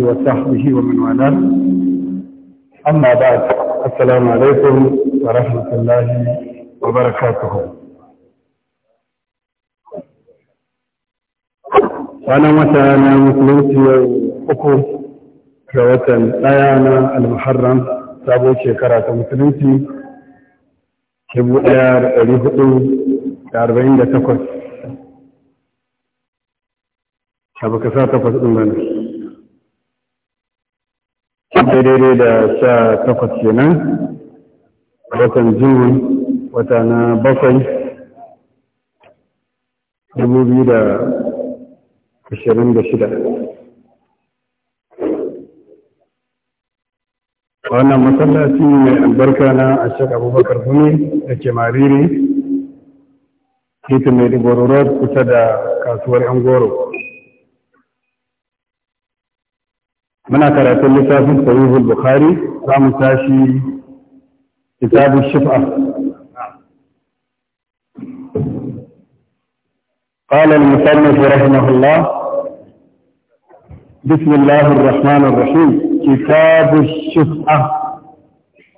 وصحبه ومن والاه أما بعد السلام عليكم ورحمة الله وبركاته وانا وسانا مسلمتي وقو كوتا لايانا المحرم سابوكي كراتا مسلمتي كبو ايار اليهو داربين دا تكوت abu ka sa takwas ɗin nan daidai da sha takwas kenan watan june wata na bakwai dubu biyu da ashirin da shida wannan masallaci mai albarka na ashek abubakar hune da ke mariri titin mai kusa da kasuwar yan goro muna karatun littafin sahihul bukhari za mu tashi kitabun shif'a قال المصنف رحمه الله بسم الله الرحمن الرحيم كتاب الشفعة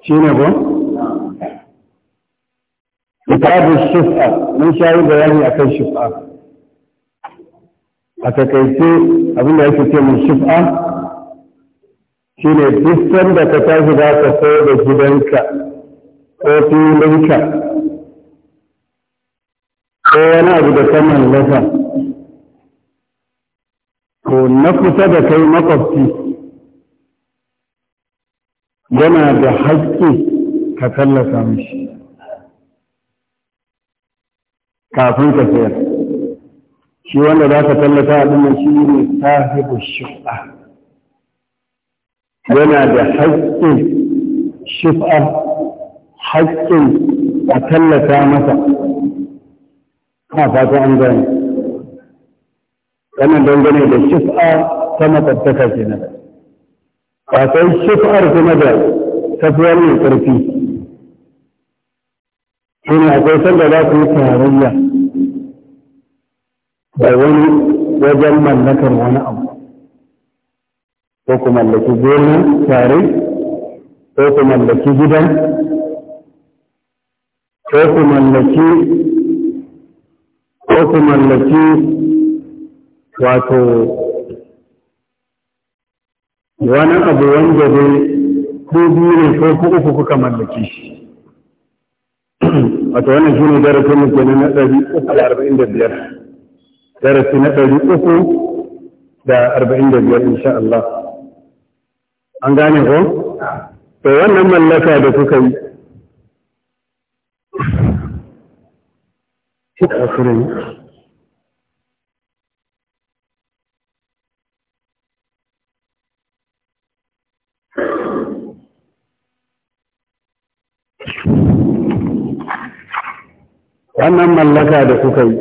شنو كتاب الشفعة من شاهد بياني أكل شفعة أتكيتي أبن أيكتي من شفعة shine duk da ka tashi za ka so da gidanka ko filinka ko wani abu da ka mallaka ko na kusa da kai makwabci yana da haƙƙi ka tallafa mishi kafin ka sayar shi wanda za ka tallata a ɗin shi ne sahibu yana da haƙƙin shif'a haƙƙin a tallata masa a fata an gani. wannan dangane da shif'a ta makwabtaka ke nan ba shif'ar kuma da tafiyar mai ƙarfi shi ne akwai sanda za ku yi tarayya da wani wajen mallakar wani abu ko ku mallaki gona tare ko ku mallaki gidan ko ku mallaki ko ku mallaki wato wani abu wanda dai ko biyu ne ko ku uku kuka mallaki shi wato wannan shi ne darasin mu kenan na ɗari uku da arba'in da biyar darasi na ɗari uku da arba'in da biyar insha Allah. an gane ko to wannan mallaka da kuka yi wannan mallaka da kuka yi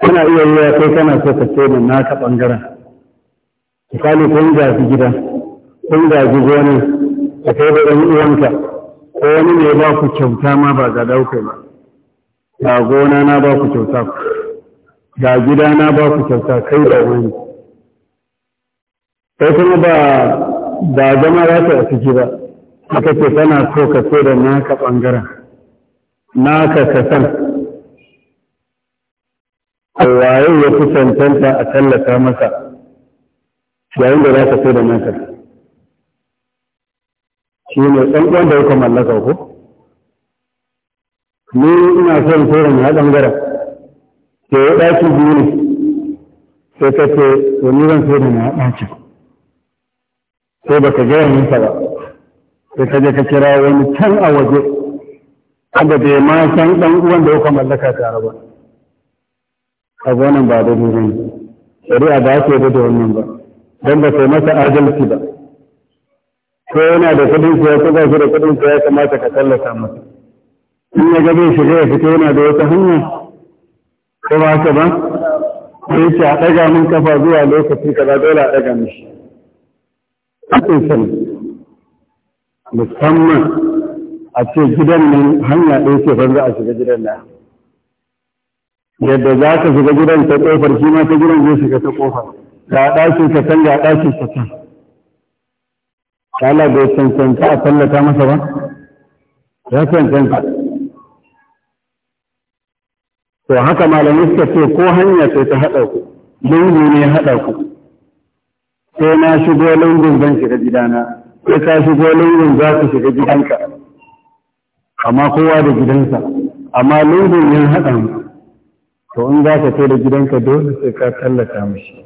kana iya yi kai kana so ka ce na naka bangaren misali kun gaji gida kun gaji gona ta kai da ɗan uwanka ko wani ne ba ku kyauta ma ba ga daukai ba ga gona na ba ku kyauta ga gida na ba ku kyauta kai da wani sai kuma ba ba zama za ta ciki ba aka ce tana so ka so da naka ɓangaren naka ka san waye ya fi cancanta a tallata masa yayin da za ka sai da naka shi ne ɗanɗan da kuka mallaka ko ni ina son sai da na ɓangaren ke ya ɗaki biyu ne sai ka ce to ni zan sai da na ɗakin sai baka gaya nisa ba sai ka je ka kira wani can a waje kada bai ma san ɗan uwan da kuka mallaka tare ba a gonan ba da ne shari'a ba ke da wannan ba don ba sai masa adalci ba ko yana da kudin sa ko ba shi da kudin sa ya kamata ka tallata masa in ya gabe shiga ya fito yana da wata hanya ko ba ka ba ko ce a ɗaga min kafa zuwa lokaci kaza dole a ɗaga mishi Akwai san musamman a ce gidan nan hanya ɗaya ce ban za a shiga gidan nan yadda za ka shiga gidan ta ƙofar shi ma ta gidan zai shiga ta ƙofar ga ɗakin ka can ga ɗakin ka can Allah bai cancanta a tallata masa ba ya cancanta to haka malamai suka ce ko hanya sai ta haɗa ku lungu ne ya haɗa ku sai na shigo lungun zan shiga gidana sai ka shigo lungun za ku shiga gidanka amma kowa da gidansa amma lungun ya haɗa mu to in za ka sai da gidanka dole sai ka tallata mashi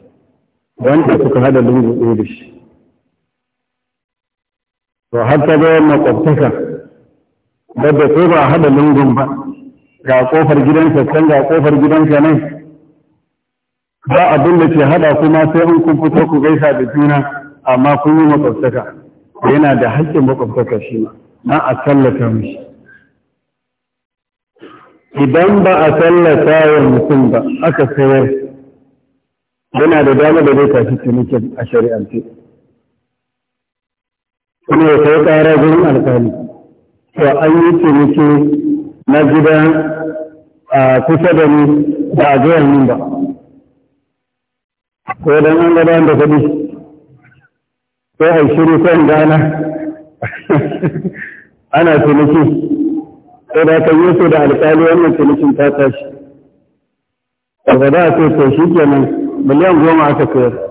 wanda suka hada lungu ɗaya da shi to har ta bayan makwabtaka wadda ko ba hada lungun ba ga kofar gidansa can ga kofar gidansa nan ba abin da ke hada kuma sai in kun fito ku gaisa da juna amma kun yi makwabtaka yana da haƙƙin makwabtaka shi ma na a tallata mishi idan ba a tallata wa mutum ba aka sayar yana da dama da zai tafi cinikin a shari'ance kuma ya kai ƙara gurin alƙali to an yi ciniki na gida a kusa da ni ba a zuwa min ba ko dan an gaba da kuɗi ko a shiru kan gana ana ciniki ko da kan yi da alƙali wannan cinikin ta tashi ba za a ce to shi kenan مليون جمعة تكير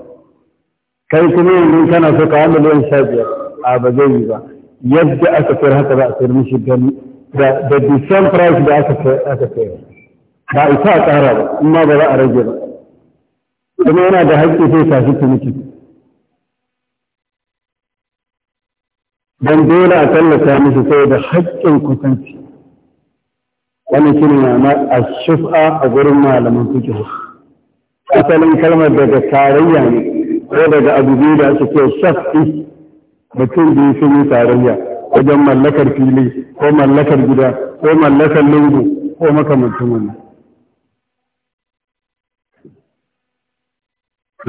كي تمين من كان فقه مليون شابية عبا جيبا يبدأ أكثر هكذا بأكثر مش الجميع ده ده سام برايس ده أكثر ده إساءة أهرب ما بلا أرجل لما أنا ده هكي في ساسك مجد من دولة أتلى كامسة سيدة حج كنتي أنا كنا ما الشفقة أقول ما لم تجهر asalin kalmar daga tarayya ne ko daga abu biyu da ake ce shafi mutum biyu sun yi tarayya wajen mallakar fili ko mallakar gida ko mallakar lungu ko makamancin wannan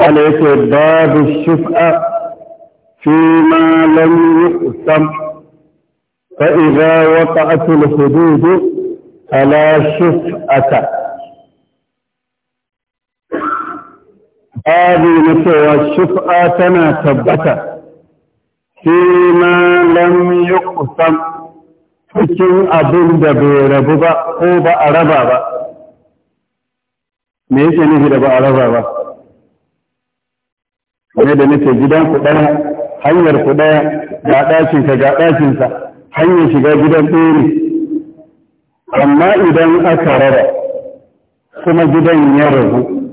Allah yake babu shuf'a fi ma lam yuqsam fa idza waqa'at al-hudud ala shuf'ata ƙari na cewa shufa tana tabbata fi ma lam yi kusan cikin abin da bai rabu ba ko ba a raba ba me yake nufi da ba a raba ba kamar da nake gidan ku ɗaya hanyar ku ɗaya ga ɗakinka ga ɗakinsa hanyar shiga gidan ɗaya amma idan aka raba kuma gidan ya rabu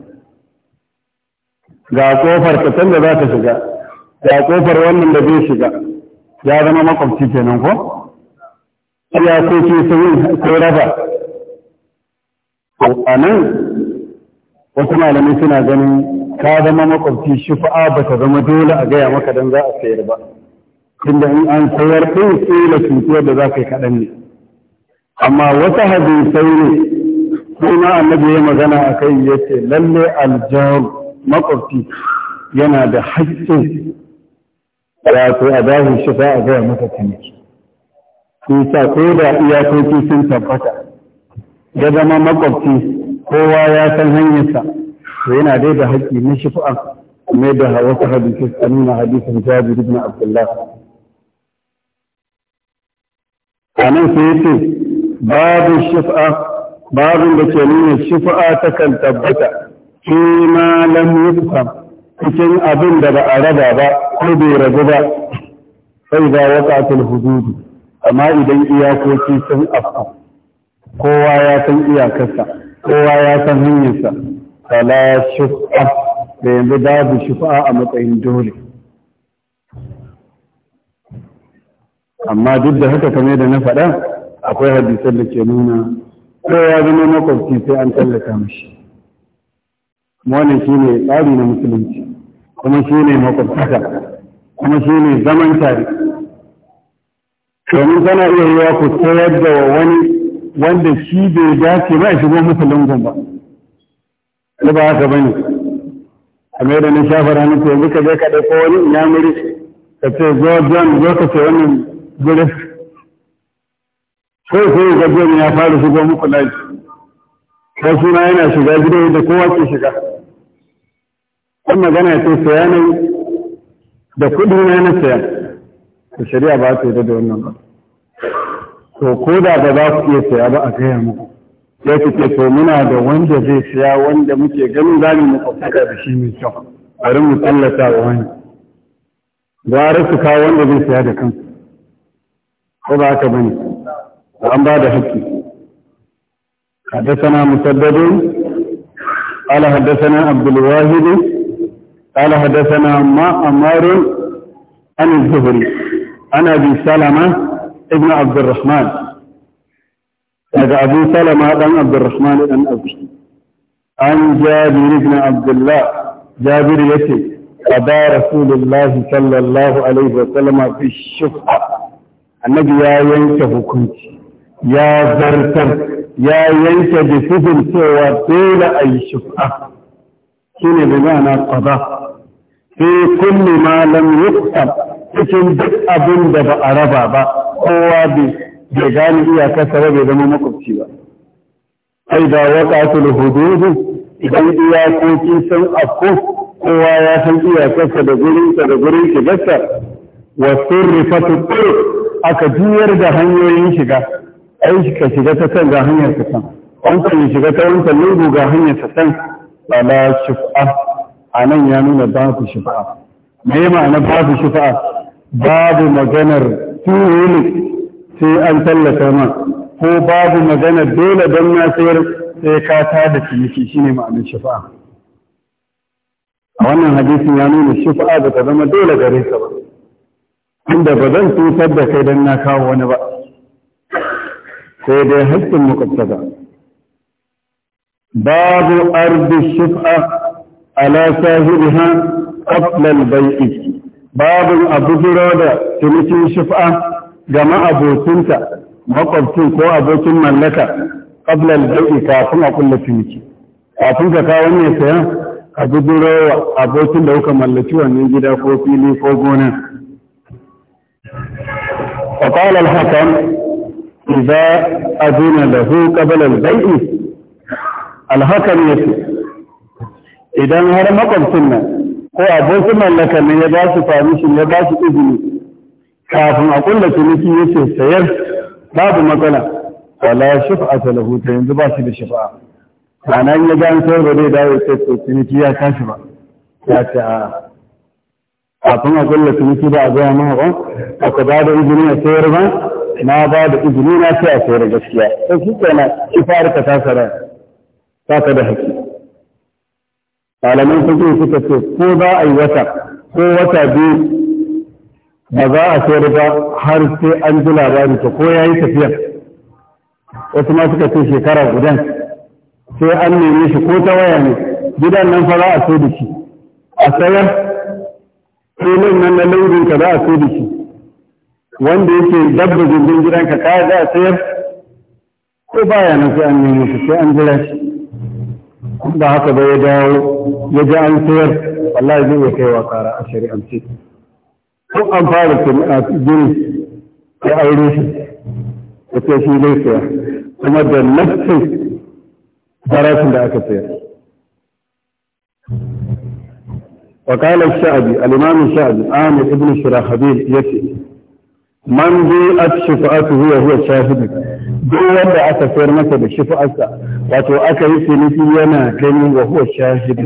ga kofar ta can za ta shiga ga kofar wannan da zai shiga ya zama makwabci kenan ko ya ce sun ko raba a nan wasu malamai suna ganin ka zama makwabci shufa'a ba ta zama dole a gaya maka don za a sayar ba tunda in an sayar ɗin tsila cutuwar da za ka yi kaɗan ne amma wata hadisai ne na annabi ya magana a kai ya ce lalle aljaru makwabci yana da haƙƙin wato a bayan shi za a gaya masa ciniki sun sa ko da iyakoki sun tabbata Da zama makwabci kowa ya san hanyarsa to yana dai da haƙƙi na shifa'a mai da wasu hadisi a nuna hadisin jabir ibn abdullah a nan sai ce, babu shifa'a babin da ke nuna shifa'a ta kan tabbata ma lam yukfar cikin abin da ba a raba ba ko bai rabu ba sai da waqatul hududu amma idan iyakoki sun afka kowa ya san iyakarsa kowa ya san hanyarsa fala shufa da yanzu babu shufa a matsayin dole amma duk da haka kamar da na faɗa akwai hadisan da ke nuna kowa zama makwabci sai an tallata mashi wannan shi ne tsari na musulunci kuma shi ne makwabtaka kuma shi ne zaman tare domin tana iya yiwa ku sayar da wani wanda shi bai dace ba shigo musulun ba ko ba haka bane kamar da na shafa ranar to yanzu ka je ka ɗauko wani inyamuri ka ce zo john zo ka ce wannan gurin sai sai ga john ya fara shigo muku lafi ko suna yana shiga gidan da kowa ke shiga kuma magana ce saya ne da kuɗi na na saya to shari'a ba ta da wannan ba to ko da ba za ku iya saya ba a gaya muku ya ce to muna da wanda zai saya wanda muke ganin za mu muku da shi mai kyau bari mu tallata wa wani gara su kawo wanda zai saya da kansu ko ba haka bane an ba da haƙƙi حدثنا مسدد ala حدثنا عبد الواحد قال حدثنا ما أمار عن الزهري عن أبي سلمة ابن عبد الرحمن هذا أبي سلمة بن عبد الرحمن بن أبي عن جابر بن عبد الله جابر يتي أبا رسول الله صلى الله عليه وسلم في الشفعة النبي يا ينكه كنت يا زرتر ya yanke da sifin cewa dole a yi shufa shi ne da ma'ana ƙaba fi kulli ma lam yuktab cikin duk abin da ba a raba ba kowa bai gane iyakarsa ba bai zama makwabci ba ai da waqatul hududu idan iyakoki sun afko kowa ya san iyakarsa da gurinsa da gurin shigarsa wa surrifatu turuq aka juyar da hanyoyin shiga ai ka shiga ta kan ga hanyar ta kan wancan shiga ta wancan lungu ga hanyar ta san bala shifa a nan ya nuna ba su shifa'a me ma'ana su shifa'a babu maganar tuhulu sai an tallata ma ko babu maganar dole don na sayar sai ka ta da ciniki shine ma'anar shifa'a a wannan hadisin ya nuna shifa'a ba ta zama dole gare ka ba inda ba zan cutar da kai don na kawo wani ba sai dai haƙƙin muƙaddara babu ardi shifa'a ala sahibiha qabla al-bai'i babun abu da cinikin shif'a ga ma'abocinta makwabcin ko abokin mallaka qabla al-bai'i kafin a kulla ciniki kafin ka kawo ne sayan abu abokin da kuka mallaki wannan gida ko fili ko gona فقال الحكم إذا أذن له قبل البيع الحكم يسير idan har makwabcin nan ko abokin mallaka ne ya ba su permission ya ba su izini kafin a kulla ciniki ya ce sayar babu matsala wala shafa'ata lahu ta yanzu ba shi da shafa'a ana ya ga an sayar ba zai dawo ya ce ciniki ya kashi ba ya ce a kafin a kulla ciniki ba a gaya mana ba aka ba da izini a sayar ba na ba da izini na ce a sayar gaskiya sai shi kenan shi fara ka ta ba da haƙƙi malamin suke suka ce ko za a yi wata ko wata biyu ba za a sayar ba har sai an ji labari ta ko ya yi tafiya wasu ma suka ce shekara gudan sai an neme shi ko ta waya ne gidan nan fa za a sayar da shi a sayar filin nan na laurin ka za a sayar da shi wanda yake dabba jirgin gidan ka za a sayar ko baya nan sai an neme shi sai an jira shi ba haka ba ya dawo ya ji an sayar wallahi zai iya kaiwa kara a shari'ance ko an fara jini ya aure shi ya ce shi zai saya kuma da nassin farashin da aka sayar وقال الشعبي الإمام الشعبي عامر ابن شراحبيل يكي man bi at shafa'atu huwa huwa shahid duk wanda aka sayar masa da shafa'arsa wato aka yi ciniki yana gani wa huwa shahid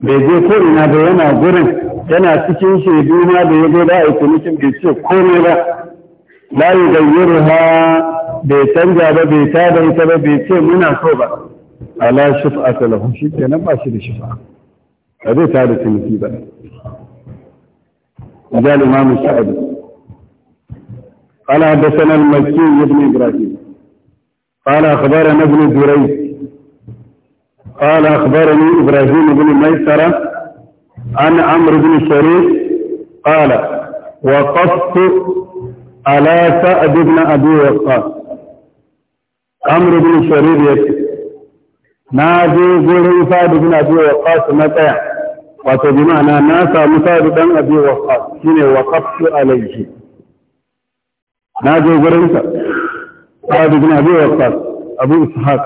bai je ko ina da yana gurin yana cikin shaidu ma da ya zo da a yi bai ce komai ba la yughayyiruha bai canja ba bai tada ita ba bai ce muna so ba ala shifa ta lahu shi kenan ba shi da shifa ba zai da ciniki ba. Ijal mamu Sa'adu قال حدثنا المكي بن ابراهيم قال اخبرنا ابن جريج قال اخبرني ابراهيم بن ميسرة عن عمرو بن شريف قال وقفت على سعد بن ابي وقاص عمرو بن شريف يكتب نادي قولي سعد بن ابي وقاص متى وتبمعنى ناسا مساعد بن ابي وقاص شنو وقفت عليه na je gurinsa sa'ad ibn abi waqqas abu ishaq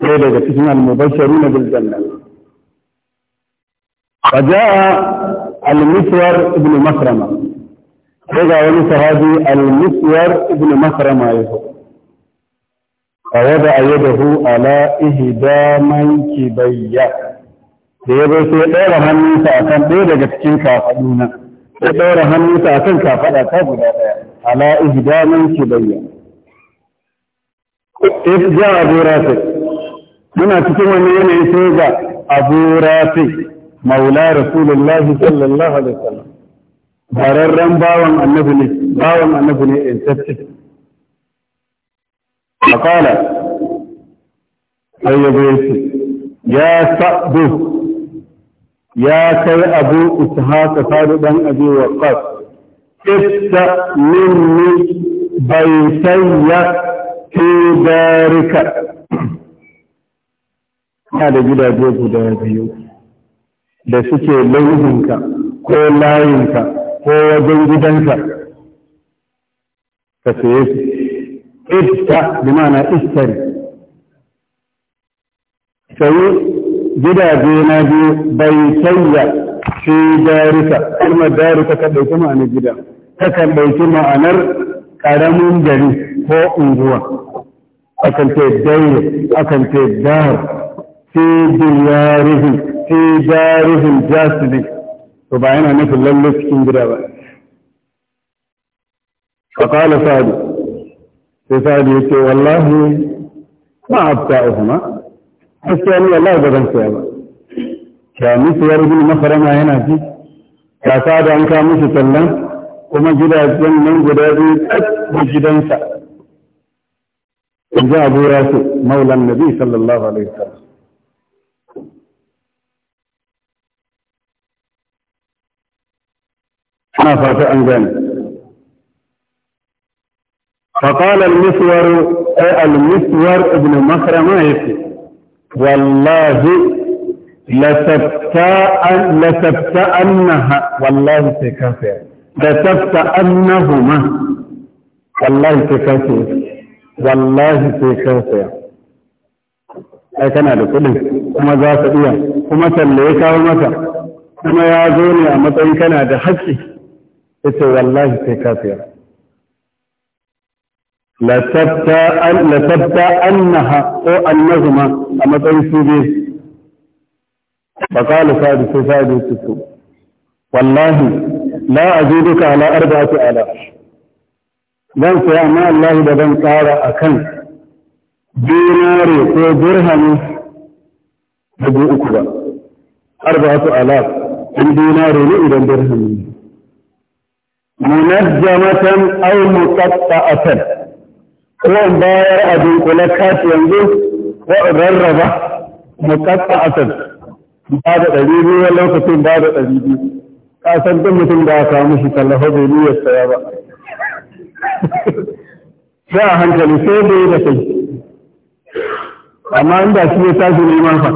sai daga cikin al-mubashshirun bil janna فجاء المسور ابن مخرمة رجع وليس هذه المسور ابن مخرمة يهو فوضع يده على إهدى منكبي يبقى سيطور إيه هنوسا أكن إيه دير جتكين كافدونا سيطور إيه هنوسا أكن كافدا كابدا على إهداء من تبين إذ جاء أبو رافع هنا تكون من يسوع أبو رافع مولى رسول الله صلى الله عليه وسلم bararren bawan annabi ne bawan annabi ne in tafi makala sai ya ce ya sa'du ya kai abu ishaq sa'du dan abi waqqas ابدأ مني بيتي في دارك هذا da gidaje guda biyu da suke launinka ko layinka ko wajen gidanka ka saye su ista bi mana istari sayi gidaje na biyu bai canza fi darika kalmar darika ka ɗauki ma'anar gida takan ɗauki ma'anar ƙaramin gari ko unguwa akan ce daire akan ce dahar fi diyarihim fi darihim jasirin. to ba yana nufin lallai cikin gida ba فقال سعد سعد يقول والله ما أبتاؤهما gaskiya ni wallahi ba zan saya ba ka musu ya rubu makarama yana fi. Ya sa da an ka musu sallan kuma gidajen nan guda biyu da gidansa in ji abu rasu maulan nabi sallallahu alaihi wasallam ana fata an gane فقال المسور أي المسور ابن مخرمة يسي والله لتبتأنها والله سيكافر da tafta annahuma wallahi ke ka wallahi ke ka ai kana da kuɗin kuma za ka iya kuma talle ya kawo mata kuma ya zo ne a matsayin kana da haƙƙi ya ce wallahi sai ka saya annaha ko annahuma a matsayin su biyu فقال سعد سعد su wallahi. لا أزيدك على أربعة آلاف زن في الله بدن قال أكن ديناري في درهم أكبر أربعة آلاف إن ديناري لئي درهم منجمة أو مقطعة كون باير أبي قلقات ينزل وغربة مقطعة هذا أبيبي ولو تكون هذا أبيبي kasar don mutum da aka mishi tallafa bai niyyar saya ba sai a hankali sai da da kai amma inda shi ya tashi neman fa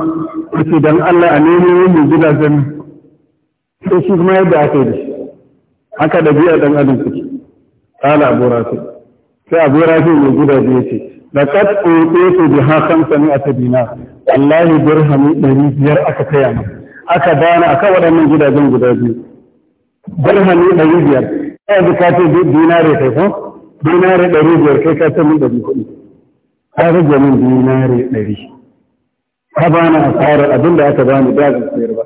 yace dan Allah a nemo yin gidajen sai shi kuma yadda aka yi da shi haka da biya dan adam take kala abu rafi sai abu rafi mai gidaje yace laqad utitu sani a tabina, wallahi dirhami biyar aka kai kaya aka a aka waɗannan gidajen guda biyu dirhami ɗari biyar yanzu ka ce dinare kai ko dinare ɗari biyar kai ka ce min ɗari kuɗi ka rage min dinare ɗari ka bani asarar abin da aka bani da zan sayar ba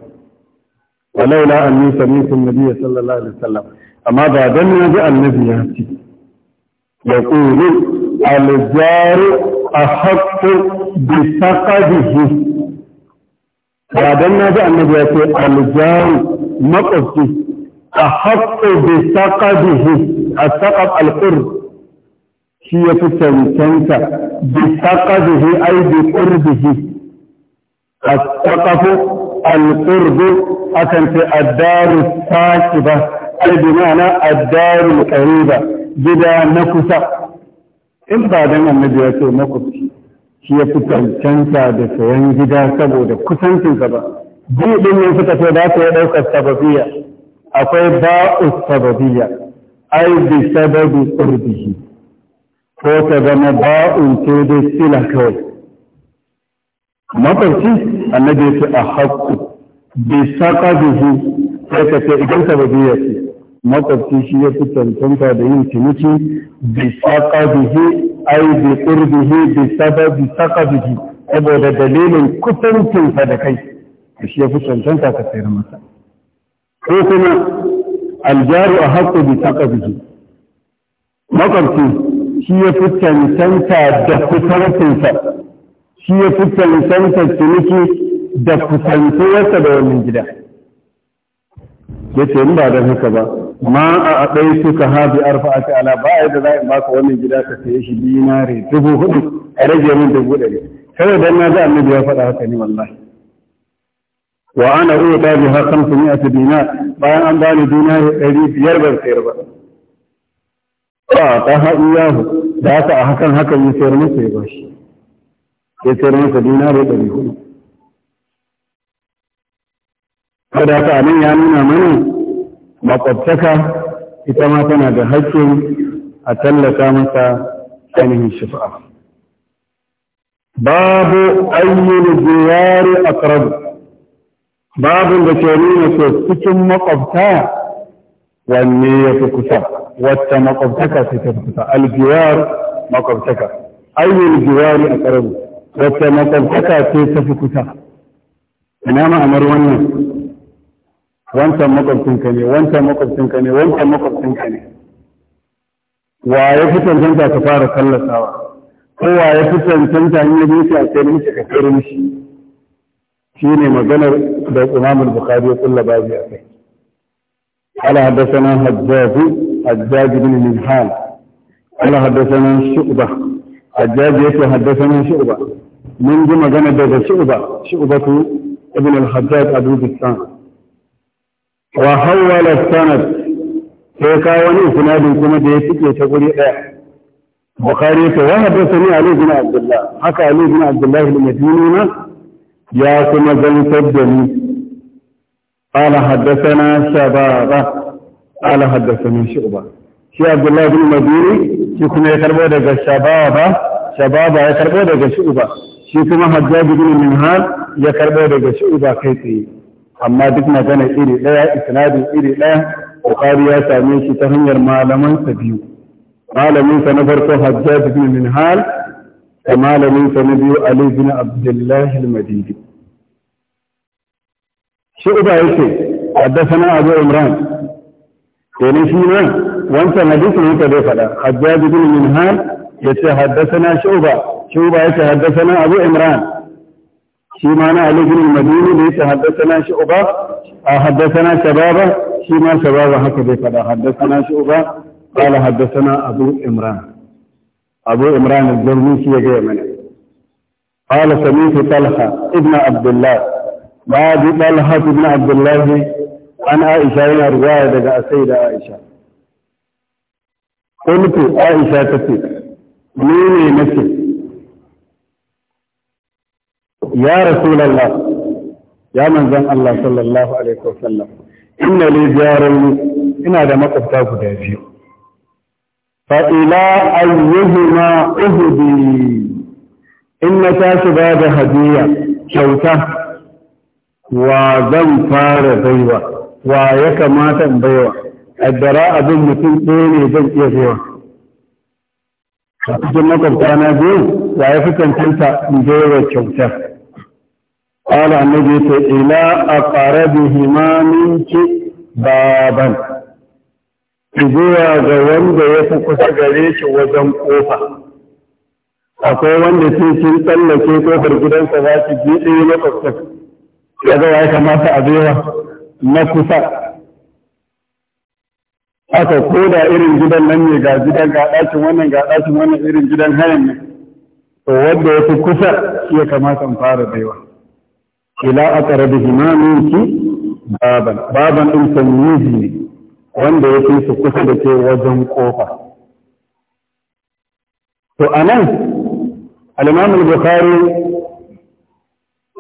walaula anni sami'tu nabiyya sallallahu alaihi wasallam amma ba dan na ji annabi ya ce يقول الجار أحق بفقده بعد النبي النبي يقول الجار مقصده ahakku bi taqadihi at-taqab al-qurb shi ya fi cancanta bi taqadihi ay bi qurbihi at-taqab al-qurb akan fi ad-dar as-saqiba ay bi ma'na ad-dar al-qariba gida na kusa in ba dan annabi ya ce shi ya fi cancanta da sayan gida saboda kusancinsa ba. Bin ɗin yin suka ce za ta yi ɗaukar sababiyya akwai ba'u sababiyya ai bi sababi qurbihi ko ta zama ba'un ce da sila kawai mafarki annabi ce a haƙƙu bi saqabihi sai ka ce idan sababiyya ce makwabci shi ya fi cancanta da yin ciniki bi saqabihi ai bi qurbihi bi sababi saqabihi saboda dalilin kusancinsa da kai shi ya fi cancanta ka sayar masa ko kuma aljaru a haƙo bi ƙarfi makwabci shi ya fi cancanta da kusantinsa shi ya fi cancanta ciniki da kusantuwarsa da wannan gida ya ce in ba da haka ba ma a ɗai suka haɗi arfa a ta'ala ba a yadda za ba ka wannan gida ka saye shi dinare dubu hudu a rage min dubu ɗari kada dan na ji annabi ya faɗa haka ne wallahi وانا اوتى بها 500 دينار بعد ان بان دينار 500 بر سير فاعطاها اياه ذاك حقا حقا يسير مكه يباشي يسير مكه دينار يبري هنا فذاك امين يامنا يعني مني ما قد تكا كما كان بحج اتلى كامسا عنه الشفاء باب اي الزيار اقرب babin da ke nuna so cikin makwabta wanne ya fi kusa wata makwabtaka sai ta kusa aljiwar makwabtaka ayyul jiwari a karabu wata makwabtaka sai ta fi kusa ina ma'amar wannan wancan makwabcinka ne wancan makwabcinka ne wancan makwabcinka ne wa ya fi tantanta ka fara sallatawa ko wa ya fi tantanta in ya bi shi a kai ka kai mishi شيء مجانا الإمام البخاري كل بابي أكيد على حدثنا حجاج حجاج بن منحان على حدثنا شعبة حجاج يتو حدثنا شعبة من جمع جانا دوغا شعبة شعبة ابن الحجاج أبو بستان وحول السند كيكا وني سناد كما ديتك يتقولي ايه بخاري كوانا بسني علي بن عبد الله حكى علي بن عبد الله المدينونا يا كما زنتدني قال حدثنا شبابا قال حدثنا شعبا شي عبد الله بن مديري شي كما يكربو دغ شبابا شبابا يكربو دغ شعبا شي كما حجاج بن منهال يكربو دغ شعبا كيتي amma duk magana iri daya isnadin iri daya bukhari ya same shi ta hanyar malaman sa biyu malamin sa na farko hajjaj bin minhal da malamin sa na biyu Ali bin Abdullah al-Madini shi حدثنا أبو عمران يعني فيما وانت حديث وانت بفلا حجاج بن منهال يتحدثنا شعبة شعبة يتحدثنا أبو عمران شيمان علي بن المديني يتحدثنا شعبة حدثنا شبابة شيما شبابة هكذا فلا حدثنا شعبة قال حدثنا أبو عمران أبو إمران الزرميسي يجي منه قال سميت طلحة ابن عبد الله بعد طلحة ابن عبد الله عن عائشة هنا رواية لدى السيدة عائشة قلت عائشة تسي ميني نسي يا رسول الله يا من زن الله صلى الله عليه وسلم إن لي جار إن هذا مقبتا قد يجيب fa'ila ayyuhuma uhudi in na tashi ba da hadiya kyauta wa zan fara baiwa wa ya kamata in baiwa addara abin mutum ɗaya ne zan iya baiwa a cikin makwabta na biyu wa ya fi cancanta in baiwa kyauta قال النبي إلى أقربهما منك بابا zuwa ga wanda ya fi kusa gare shi wajen kofa akwai wanda sai kin tsallake kofar gidansa za su ji ɗaya makwabta ya ga ya kamata a zuwa na kusa aka da irin gidan nan ne ga gidan ga ɗakin wannan ga ɗakin wannan irin gidan hayan ne to wanda ya fi kusa shi ya kamata in fara baiwa ila da himanin ki baban baban ɗin sanyi ne wanda ya fi su kusa da ke wajen kofa to a nan alimamul bukhari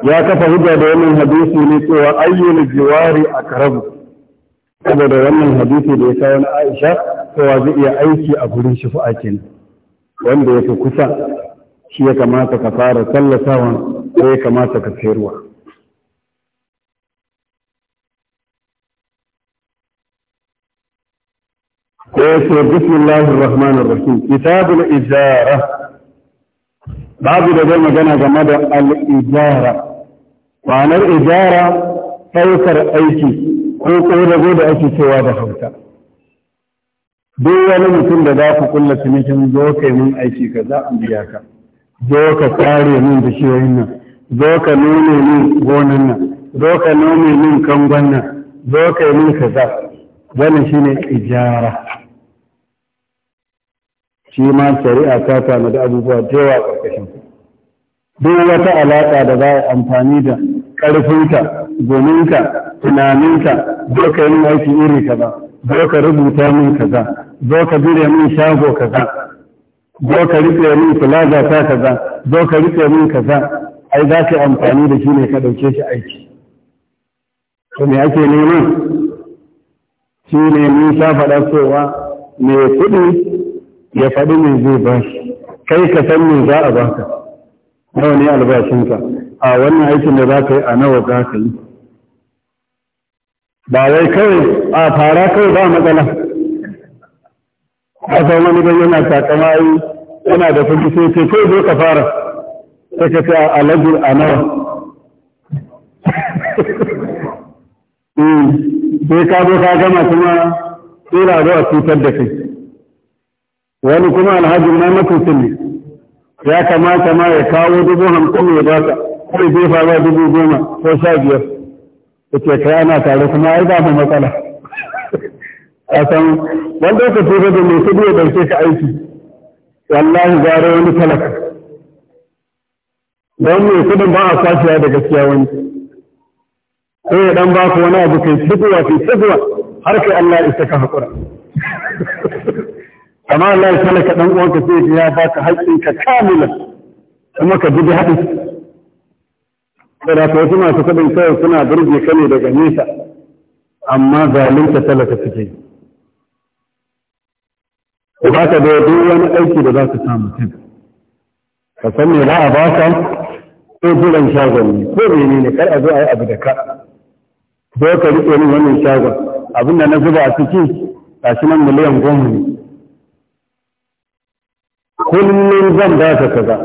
ya kafa hujja da wannan hadisi ne cewa ayyul jiwari a karabu saboda wannan hadisi da ya kawo na aisha cewa zai iya aiki a gurin shi ne, wanda ya fi kusa shi ya kamata ka fara tallafawa ko ya kamata ka sayarwa ko eh, yake bismillahir rahmanir rahim kitabul ijara babu da zai magana game da al ijara ma'anar ijara ɗaukar aiki ko ko da ake cewa da hauta duk wani mutum da za ku kulla cinikin zo kai mun aiki ka za a biya ka zo ka kare min bishiyoyin nan zo ka nome min gonan nan zo ka nome min kangon nan zo ka yi min kaza wannan shine ijara shi ma shari'a ta tana da abubuwa da yawa ƙarƙashin duk wata alaƙa da za a amfani da ƙarfinka gominka tunaninka zo ka yi aiki iri kaza zo ka rubuta min kaza zo ka bire min shago kaza zo ka rike min plaza ta kaza zo ka rike min kaza ai za ka yi amfani da shi ne ka ɗauke shi aiki to me ake nema shi ne mun sha faɗa cewa mai kuɗi ya faɗi mai zai ba shi kai ka san me za a baka nawa ne albashinka a wannan aikin da za ka yi a nawa za ka yi ba wai kawai a fara kawai ba matsala a san wani gani yana takama yi yana da kuɗi sai ce kai zo ka fara sai ka ce a alaji a nawa eh, sai ka zo ka gama kuma tsira zo a cutar da kai wani kuma alhaji na makusin ne ya kamata ma ya kawo dubu hamsin ya ba ka ya zai fara dubu goma ko sha biyar ya ce kai ana tare kuma ai ba mu matsala a san wanda ya ba da mai kudi ya ɗauke ka aiki wallahi gara wani talaka don mai kudin ba a kwashewa da gaskiya wani sai ya dan ba ku wani abu kai tukuwa kai tukuwa har kai Allah isa ka haƙura amma Allah ya talaka dan uwanka sai ya baka haƙƙinka kamilan kuma ka bi haɗi saboda wasu masu kuɗin kawai suna burge ka ne daga nesa amma zalunta talaka suke yi ku ba ka da duk wani aiki da za ka samu mutum ka san me za a ba ka ko jiran shagon ne ko mene ne kar a zo a yi abu da ka zo ka riƙe min wannan shagon abin da na zuba a ciki shi nan miliyan goma ne kullum zan ba ka kaza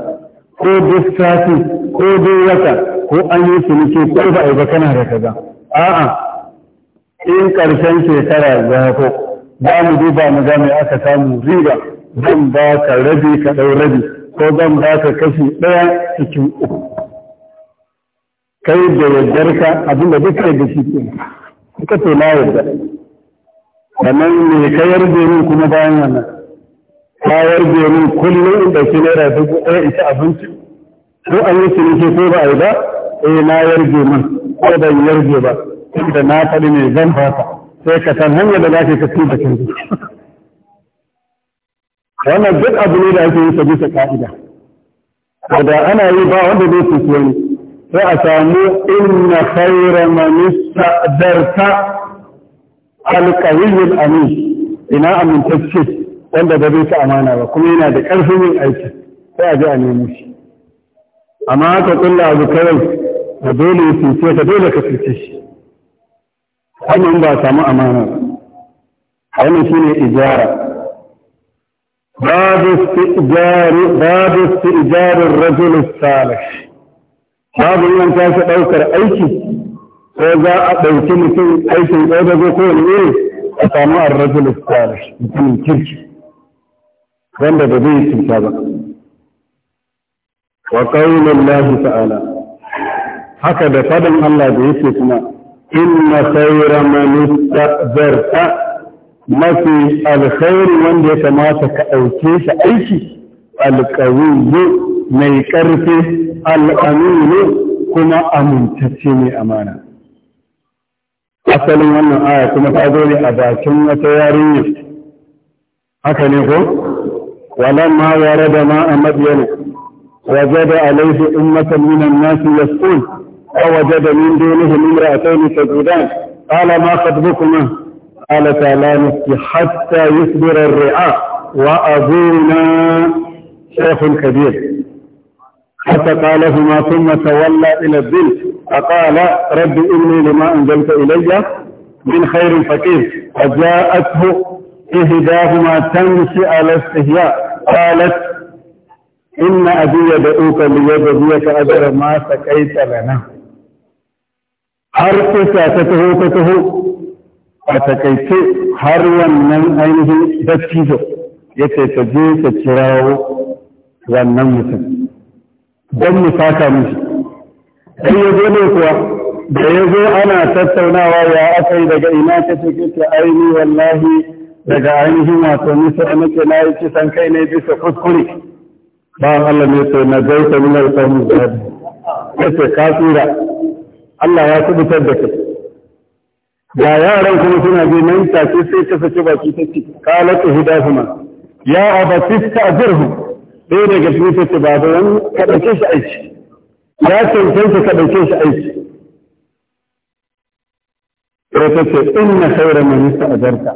ko duk sati ko duk wata ko an yi nike ko ba a ba kana da kaza a'a in ƙarshen shekara za ko za mu duba mu ga aka samu riba zan ba ka rabi ka ɗau rabi ko zan ba ka kashi ɗaya cikin uku kai da abin da duk kai da shi kenan ka to na yarda sannan me ka yarda min kuma bayan wannan ta warge min kullum in ɗauki naira dubu ɗaya in ci abinci ko an yi ciniki ko ba a yi ba eh na yarge min ko ban yarge ba inda na faɗi mai zan fata sai ka san hanyar da za ka kasu da kan wannan duk abu ne da ake yi sa bisa ka'ida da ana yi ba wanda zai fi wani sai a samu inna khayra man ista'darta al-qawiyyul amin ina amintacce wanda ba zai ci amana ba kuma yana da ƙarfin yin aiki sai a je a nemo shi amma haka kulla abu kawai da dole ya cuce ka dole ka cuce shi wannan ba samu amana ba wannan shine ijara babu istijari babu istijarin rajul salih babu yan ta shi daukar aiki ko za a dauki mutum aikin ko da ko ne a samu ar-rajul salih mutumin kirki wanda ba zai cuta ba wa qaulun lahi ta'ala haka da faɗin Allah da yake kuma inna khayra man istazarta mafi alkhairi wanda ya kamata ka ɗauke shi aiki alƙawiyu mai ƙarfi al'aminu kuma amintacce mai amana asalin wannan aya kuma ta zo ne a bakin wata yarinya haka ne ko ولما ورد ماء مدين وجد عليه أمة من الناس يسكون ووجد من دونهم امرأتين تجودان قال ما خطبكما قالتا لا نسقي حتى يصبر الرعاء وأبونا شيخ كبير حتى قالهما ثم تولى إلى الذل فقال رب إني لما أنزلت إلي من خير فقير فجاءته إحداهما تمشي على استهياء قالت إن أبي يدعوك ليجزيك أجر ما سقيت لنا har kusa ta taho ta taho a takaice har wannan ainihin dattijo ya ce ta je ta kirawo wannan mutum don mu fata mishi sai ya zo ne kuwa da ya zo ana tattaunawa ya aka yi daga ina ka ce ai aini wallahi daga ainihin wato nisa nake na yi kisan kai ne bisa kuskure Ba Allah ne sai na zai ta minar samun zaɓi ya ce ka tsira Allah ya kubutar da kai ga yaran kuma suna bi nan ce sai ta saki baki ta ce kala ta hida kuma ya abati ta azirhu ɗaya daga cikin ta ce ba da wani ka ɗauke shi aiki ya cancanta ka ɗauke shi aiki sai ta ce inna khayra man yasta'jarta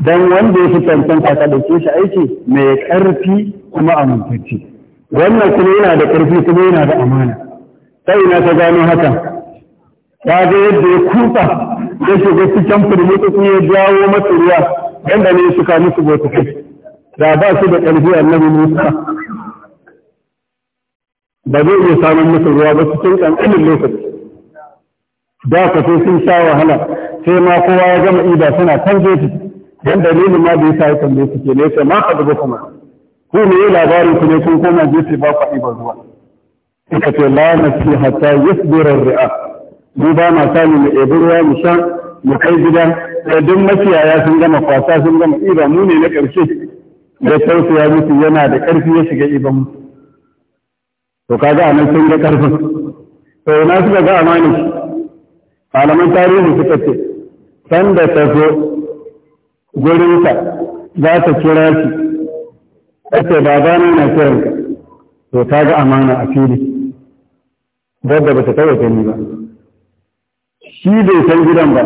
don wanda ya fi cancanta ka ɗauke shi aiki mai ƙarfi kuma amintacce wannan kuma yana da ƙarfi kuma yana da amana Sai na ta gano haka ta ga yadda ya kusa ya shiga cikin firmitsutsu ya jawo masa yadda ne suka musu kai. da ba su da ƙarfi annabi musa ba zai iya samun musu ruwa ba cikin ƙanƙanin lokaci da ka sun sha wahala sai ma kowa ya gama ida suna kan jefi dan dalilin ma da yasa ya tambaye su ke ne sai ma ka dubu kuma ku ne labarin ku ne kun koma gefe ba ku ba zuwa suka ce la nafsi hatta yasbira ri'a mu ba ma sani mu ebi ruwa mu sha mu kai gida da duk makiyaya sun gama kwasa sun gama iba mu ne na ƙarshe da ya musu yana da ƙarfi ya shiga iban mu to kaga anan sun ga ƙarfin to ina suka ga amani malaman tarihi suka ce sanda ta zo gurinka za ta kira shi ake babana na kiranka to ta ga amana a fili wadda ba ta taɓa gani ba shi bai san gidan ba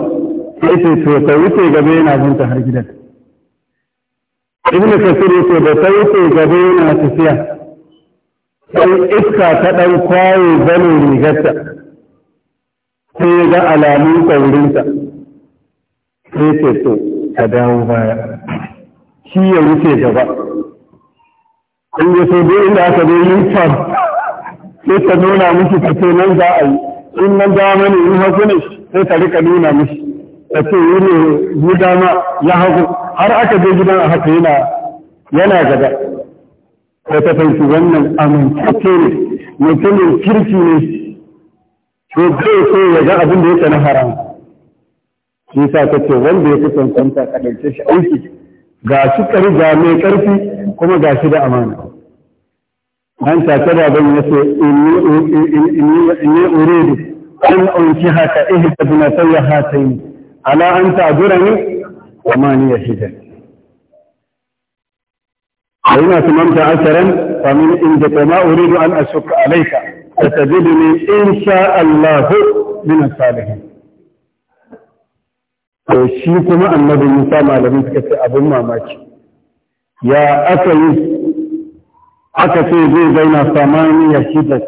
sai ce to ta wuce gaba yana binta har gidan ibn kasir yace da ta wuce gaba yana tafiya sai iska ta ɗan kwaye zanin rigarta sai ga alamun ƙaurinta sai ce to ka dawo baya shi ya wuce gaba in ya so duk inda aka zo yi can sai ta nuna miki ta ce nan za a yi in nan dama ne in hagu ne sai ta rika nuna miki ta ce yi ne yi dama ya hagu har aka je gidan a haka yana yana gaba sai ta fahimci wannan amintacce ne mutumin kirki ne to zai so ya ga abin da yake na haram shi yasa kace wanda ya fi cancanta ka ɗauke shi aiki ga shi ga mai ƙarfi kuma ga shi da amana an take da ban ya yace inni uridu an unki haka ihda bunatayya hatayn ala an ta'durani wa ma ni yashida aina tumamta asharan fa min indaka ma uridu an ashukka alayka فتجدني إن شاء الله من الصالحين to shi kuma annabi Musa malamin suka ce abin mamaki ya aka yi aka ce zai zaina zauna samaniya shida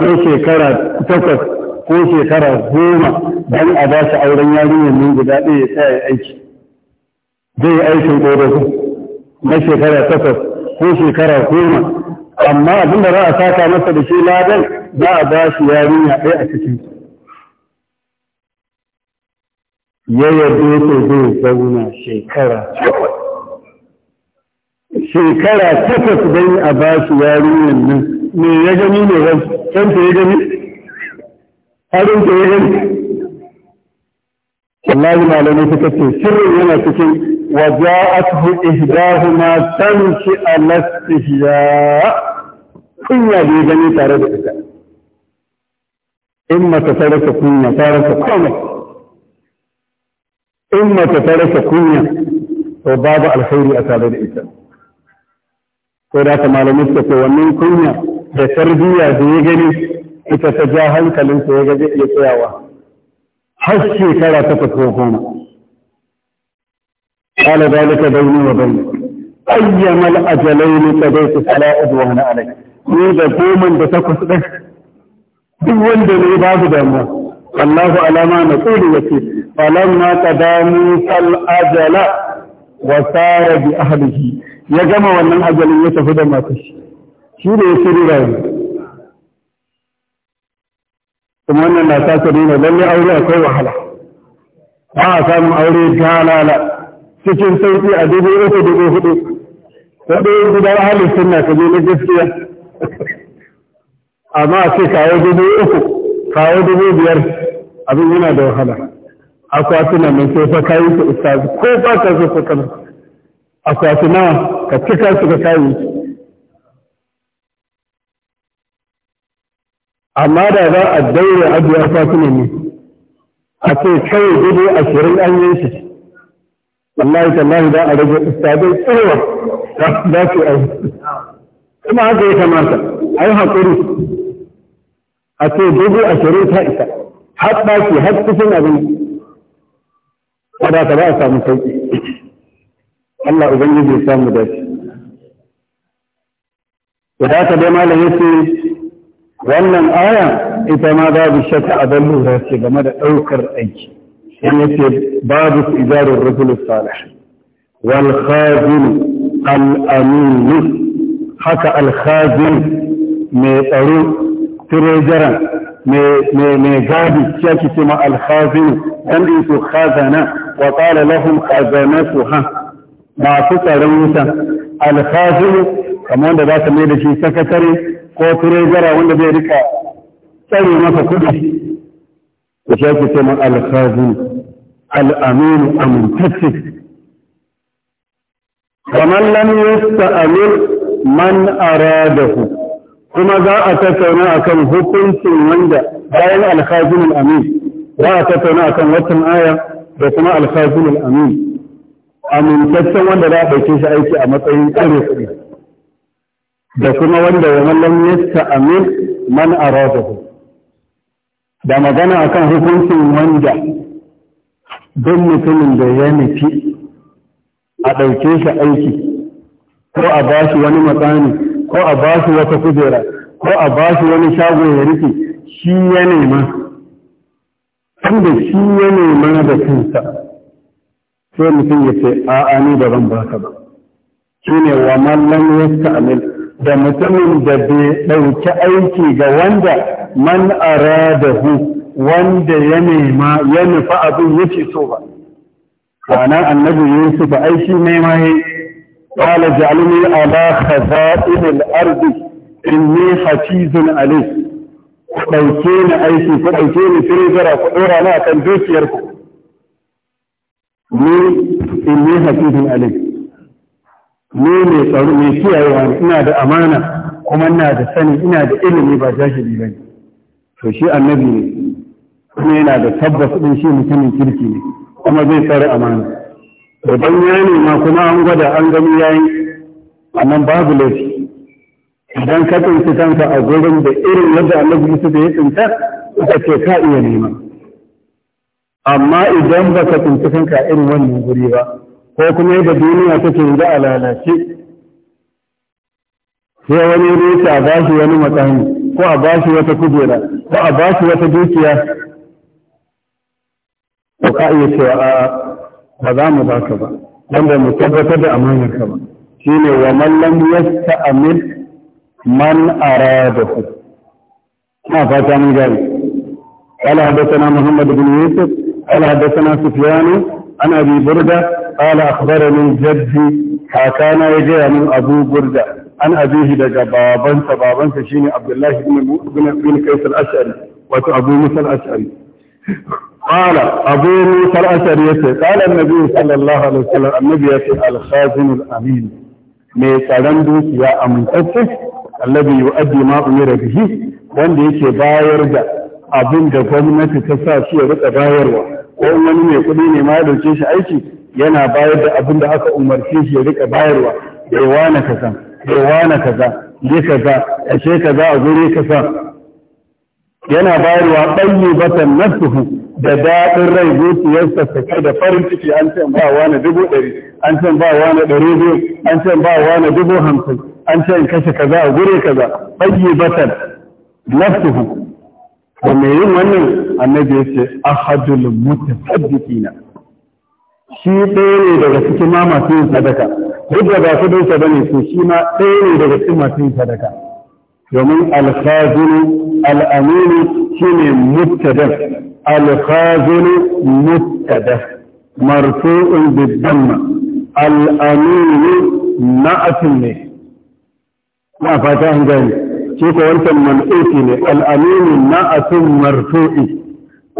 ko shekara takwas ko shekara goma don a ba shi auren yarinyar mun guda ɗaya ya yi aiki zai aikin ƙorafi na shekara takwas ko shekara goma amma abin da za a saka masa da shi ladan za a ba shi yarinya ɗaya a cikin ya yarda ta zai zauna shekara takwas shekara takwas don a ba shi yarinyar nan me ya gani ne ran can ta ya gani harin ta ya gani wallahi malamai suka ce sirrin yana cikin وجاءته gani tare da ita? In mata تارد ta تسرس كنا تارس كنا إما تترك كنية وبعض الخير أتالي الإنسان قولا كما لم يسكت ومن كنية تتربية ديجري تتجاهل كلم تيجري يتياوى حسي كلا تتكوهون قال ذلك بيني وبينك أيما الأجلين تبيت فلا أدوهن عليك إذا قوما بتكسبه دول دول إبادة alama na والله على ما نقول damu فلما ajala. موسى الأجل وسار بأهله ya gama wannan ajalin ya tafi da matashi shi ne ya shiri rayu kuma wannan na sa nuna lalle aure akwai wahala ba a samun aure galala cikin sauƙi a dubu uku dubu hudu kuɗi gudan halin suna ka je na gaskiya amma a ce kawo dubu uku kawo dubu biyar abin yana da wahala akwatuna mai sai fa kayi su ustazi ko ba ka so ka kana akwatuna ka cika su ka kayi amma da za a daure ajiye akwatuna ne a ce kawai gudu ashirin an yi shi wallahi tallahi da a rage ustazai tsirwa za su yi kuma haka ya kamata a yi haƙuri a ce dubu ashirin ta isa har ɗaki har cikin abin kada ka ba a samu sauƙi Allah ubangiji ya samu da shi da haka dai malam yace wannan aya ita ma babu shakka a ban lura ce game da ɗaukar aiki yan yace babu ijarul rajul salih wal khazin al amin haka al khazin mai tsaro tirejaran mai gadi shi ake ce ma alhazinu dan da yake khazana wa qala lahum khazanatuha masu tsaron wuta alhazinu kamar wanda za ka mai da shi sakatare ko turejara wanda zai rika tsare maka kuɗi da shi ake ce ma alhazinu al'aminu amintacce kamar lam amin man aradahu kuma za a tattauna akan hukuncin wanda bayan alkhazin amin za a tattauna akan watan aya da kuma alkhazin amin amintaccen wanda za a ɗauke shi aiki a matsayin tsare kuɗi da kuma wanda ya mallam yasta amin man aradahu da magana akan hukuncin wanda don mutumin da ya nufi a ɗauke shi aiki ko a ba shi wani matsani ko a ba shi wata kujera ko a ba shi wani shago ya rike shi ya nema tunda shi ya nema da kansa sai mutum ya ce a'a ni da ban baka ba shi ne wa mallan yasta'mil da mutumin da bai ɗauki aiki ga wanda man aradahu wanda ya nema ya nufa abin ya ce so ba ana annabi yusuf ai shi nema yayi قال اجعلني على خزائن الأرض إني حفيظ عليه ɗauke ni aiki ko ɗauke ni firijara ko ɗora na kan dukiyarku ni in ni hafizin alai ni mai tsaro mai kiyayewa ne ina da amana kuma ina da sani ina da ilimi ba jahili bane to shi annabi ne kuma yana da tabbas din shi mutumin kirki ne kuma zai tsare amana idan ya nema kuma an gwada an gani ya yi nan babu laifi idan ka tsinci kanka a gurin da irin yadda annabi Yusuf ya tsinta ka ce ka iya nema amma idan ba ka tsinci kanka a irin wannan guri ba ko kuma yadda duniya take yanzu a lalace sai wani ne a bashi wani matsayi ko a bashi wata kujera ko a bashi wata dukiya ko ka iya cewa a'a ba za mu baka ba dan ba mu tabbatar da amanar ka ba shine wa man lam yasta'mil man aradahu ma fata mun gani قال حدثنا محمد بن يوسف قال حدثنا سفيان عن ابي برده قال اخبرني جدي حكانا يجي من ابو برده عن ابيه دجا بابن بابن شيني عبد الله بن بن قيس الاشعري وابو موسى الاشعري قال أبو موسى الأشعري قال النبي صلى الله عليه وسلم النبي الخازن الأمين mai tsaron dukiya a mintacce allabi yu'addi bihi wanda yake bayar da abin da gwamnati ta sa shi ya rika bayarwa ko wani mai kuɗi ne ma ya dauke shi aiki yana bayar da abin da aka umarce shi ya rika bayarwa bai wani kaza bai wani kaza je kaza ashe kaza a gure kaza yana bayarwa ɗanyi batan nasuhu da daɗin rai zuciyarsa ta kai da farin ciki an ce ba wa na dubu ɗari an ce ba wa na ɗari biyu an ce ba wa na dubu hamsin an ce in kashe kaza a gure kaza ɗanyi batan nasuhu da mai yin wannan annabi ya ce ahadul mutasaddiqina shi ɗaya ne daga cikin ma masu yin sadaka duk da ba su dinsa bane to shi ma ɗaya ne daga cikin masu yin sadaka domin alkhazinu al'aminu shine mubtada alkhazinu mubtada marfu'un bidamma al'aminu na'atun ne na fata an gani shi ko wancan man'uti ne al'aminu na'atun marfu'i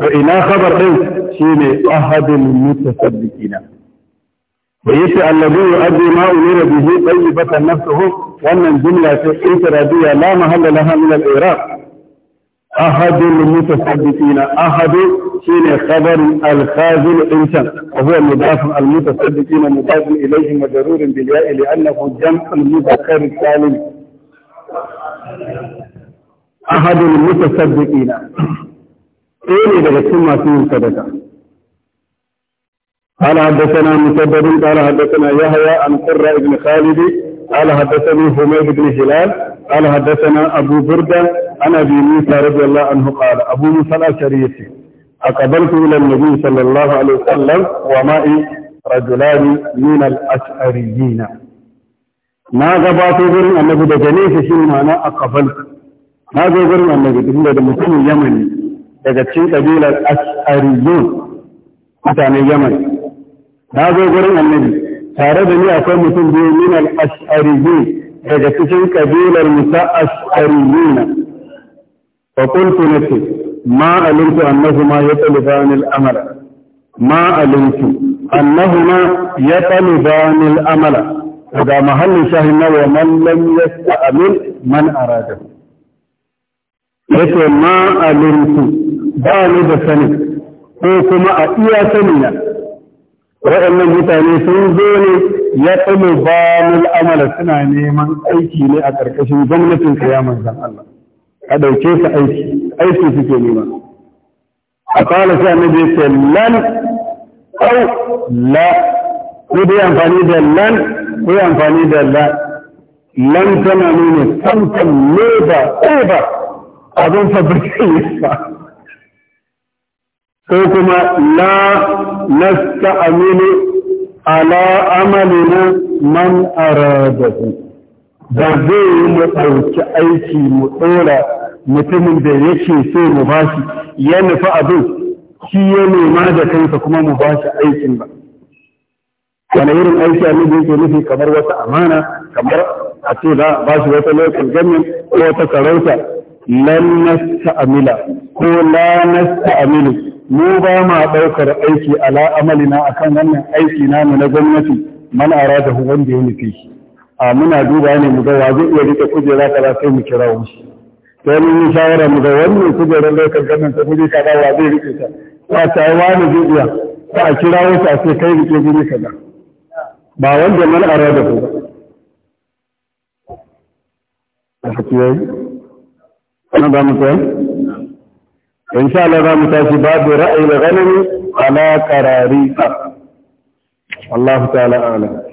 to ina khabar din shine ahadul mutasaddiqina da yace allazi yu'addi ma umira bihi tayyibatan nafsuhu wannan jumla ce intiradiya la mahalla laha min al احد المتصدقين احد سين خبر الخازل انت وهو المضاف المتصدقين مضاف اليه مجرور بالياء لانه جمع المذكر السالم احد المتصدقين اين اذا ثم في صدقه قال حدثنا مسدد قال حدثنا يحيى عن قره بن خالد قال حدثني حميد بن هلال قال حدثنا أبو بردة عن أبي موسى رضي الله عنه قال أبو موسى الأشريسي أقبلت إلى النبي صلى الله عليه وسلم ومعي رجلان من الأشعريين na gabato gurin annabi daga nesa shi ma'ana a kafal na zo gurin annabi yamani daga cikin kabilar ash'ariyun mutanen yamani na zo gurin annabi tare da ni akwai mutum biyu min al-ash'ariyyin daga cikin kabilar musa ash'ariyyin fa qultu nati ma alimtu annahuma yatalifan al-amala ma alimtu annahuma yatalifan al-amala daga mahallin shahin na wa man lam yasta'mil man arada yace ma alimtu ba ni da sani ko kuma a iya sani na waɗannan mutane sun zo ne ya tsamu ba amala suna neman aiki ne a ƙarƙashin gwamnatin ka zan Allah a ɗauke su aiki aiki suke nema a kwana sai annabi ya ce lan au la ko dai amfani da lan ko amfani da la lan tana nuna tantan ne abin fabrikin yasa Sai kuma la نستعمل على عملنا من أراده da zai mu ɗauki aiki mu ɗora mutumin da yake so mu bashi ya nufi abin shi ya nema da kansa kuma mu bashi aikin ba wani irin aiki a nufin yake nufi kamar wata amana kamar a ce za ba shi wata ko wata sarauta lan nasta'amila ko la nasta'amilu mu ba ma ɗaukar aiki ala amalina akan wannan aiki namu na gwamnati man hu wanda ya nufi a muna duba ne mu ga wa zai iya rike kujera kaza sai mu kira shi to mun yi shawara mu ga wannan kujerar lokacin gannan ta guri kaza wa zai rike ta ba ta yi wani zai iya ba a kira wa a sai kai rike guri kaza ba wanda mun arada ku ba ana ba mu tsaye in sha Allah za mu tashi babu ra'ayin ganami ala qararika Allah ta'ala a'lam